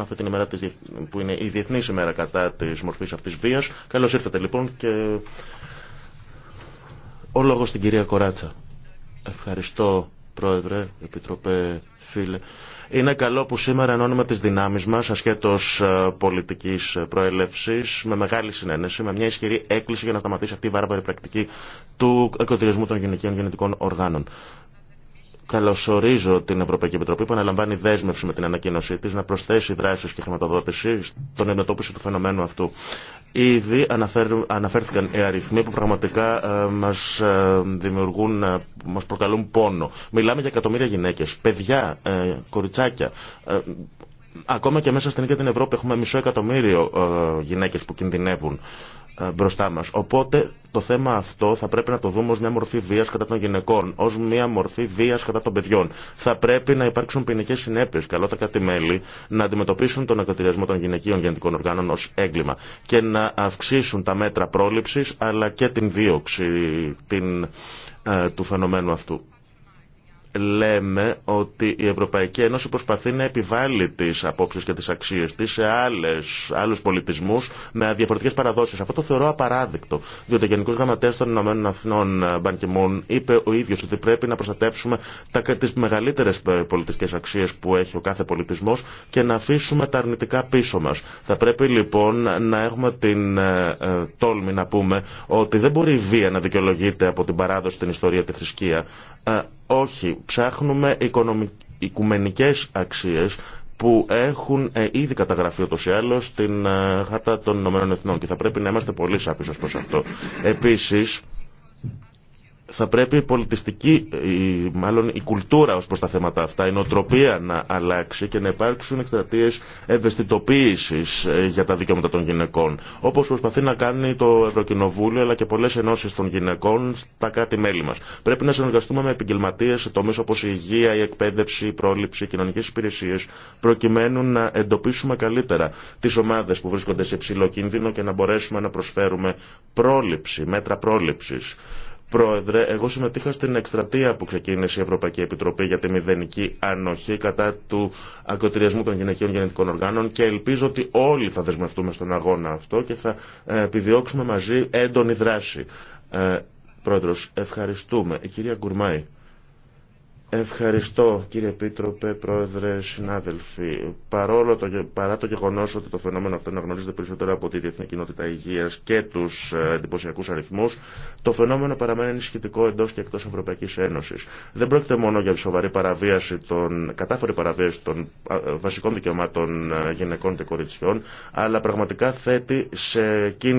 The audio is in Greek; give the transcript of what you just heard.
αυτή την ημέρα της, που είναι η διεθνή ημέρα κατά τη μορφή αυτής βίας. Καλώς ήρθατε λοιπόν και ο λόγος στην κυρία Κοράτσα. Ευχαριστώ Πρόεδρε, Επιτροπέ, φίλε. Είναι καλό που σήμερα ενώνουμε τις δυνάμεις μας ασχέτως ε, πολιτικής ε, προέλευσης με μεγάλη συνένεση, με μια ισχυρή έκκληση για να σταματήσει αυτή η βάρβαρη πρακτική του εκοτηρισμού των γυναικείων γενετικών οργάνων. Καλωσορίζω την Ευρωπαϊκή Επιτροπή που αναλαμβάνει δέσμευση με την ανακοίνωσή τη να προσθέσει δράσει και χρηματοδότηση στον εντοπίση του φαινομένου αυτού. Ήδη αναφέρθηκαν οι αριθμοί που πραγματικά ε, μα ε, δημιουργούν, ε, μα προκαλούν πόνο. Μιλάμε για εκατομμύρια γυναίκε, παιδιά, κοριτσάκια. Ακόμα και μέσα στην ίδια την Ευρώπη έχουμε μισό εκατομμύριο γυναίκε που κινδυνεύουν. Ε, μπροστά μας. Οπότε το θέμα αυτό θα πρέπει να το δούμε ως μια μορφή βίας κατά των γυναικών, ως μια μορφή βίας κατά των παιδιών. Θα πρέπει να υπάρξουν ποινικέ συνέπειες, καλό τα κάτι μέλη, να αντιμετωπίσουν τον εκατηριασμό των γυναικείων γεννητικών οργάνων ως έγκλημα και να αυξήσουν τα μέτρα πρόληψης αλλά και την δίωξη την, ε, του φαινομένου αυτού λέμε ότι η Ευρωπαϊκή Ένωση προσπαθεί να επιβάλλει τις απόψεις και τις αξίες της σε άλλου άλλους πολιτισμούς με διαφορετικές παραδόσεις. Αυτό το θεωρώ απαράδεικτο, διότι ο Γενικός Γραμματέας των Ηνωμένων Αθηνών Μπανκιμούν είπε ο ίδιος ότι πρέπει να προστατεύσουμε τα, τις μεγαλύτερες ε, πολιτιστικές αξίες που έχει ο κάθε πολιτισμός και να αφήσουμε τα αρνητικά πίσω μας. Θα πρέπει λοιπόν να έχουμε την ε, ε τόλμη να πούμε ότι δεν μπορεί η βία να δικαιολογείται από την παράδοση, την ιστορία, τη θρησκεία. Ε, όχι, ψάχνουμε οικουμενικές αξίες που έχουν ε, ήδη καταγραφεί ούτως ή άλλως στην ε, Χάρτα των Ηνωμένων Εθνών και θα πρέπει να είμαστε πολύ σαφείς προς αυτό. Επίσης, θα πρέπει η πολιτιστική, μάλλον η κουλτούρα ως προς τα θέματα αυτά, η νοοτροπία να αλλάξει και να υπάρξουν εκστρατείες ευαισθητοποίησης ε, για τα δικαιώματα των γυναικών. Όπως προσπαθεί να κάνει το Ευρωκοινοβούλιο αλλά και πολλές ενώσεις των γυναικών στα κράτη-μέλη μας. Πρέπει να συνεργαστούμε με επαγγελματίες σε τομείς όπως η υγεία, η εκπαίδευση, η πρόληψη, οι κοινωνικές υπηρεσίες προκειμένου να εντοπίσουμε καλύτερα τις ομάδες που βρίσκονται σε υψηλό κίνδυνο και να μπορέσουμε να προσφέρουμε πρόληψη, μέτρα πρόληψης Πρόεδρε, εγώ συμμετείχα στην εκστρατεία που ξεκίνησε η Ευρωπαϊκή Επιτροπή για τη μηδενική ανοχή κατά του ακροτηριασμού των γυναικείων γενετικών οργάνων και ελπίζω ότι όλοι θα δεσμευτούμε στον αγώνα αυτό και θα ε, επιδιώξουμε μαζί έντονη δράση. Ε, πρόεδρος, ευχαριστούμε. Η κυρία Γκουρμάη. Ευχαριστώ κύριε Επίτροπε, Πρόεδρε, συνάδελφοι. Παρόλο το, παρά το γεγονό ότι το φαινόμενο αυτό αναγνωρίζεται περισσότερο από τη Διεθνή Κοινότητα Υγεία και του ε, εντυπωσιακού αριθμού, το φαινόμενο παραμένει ενισχυτικό εντό και εκτό Ευρωπαϊκή Ένωση. Δεν πρόκειται μόνο για σοβαρή παραβίαση των, κατάφορη παραβίαση των ε, βασικών δικαιωμάτων ε, γυναικών και κοριτσιών, αλλά πραγματικά θέτει σε κίνδυνο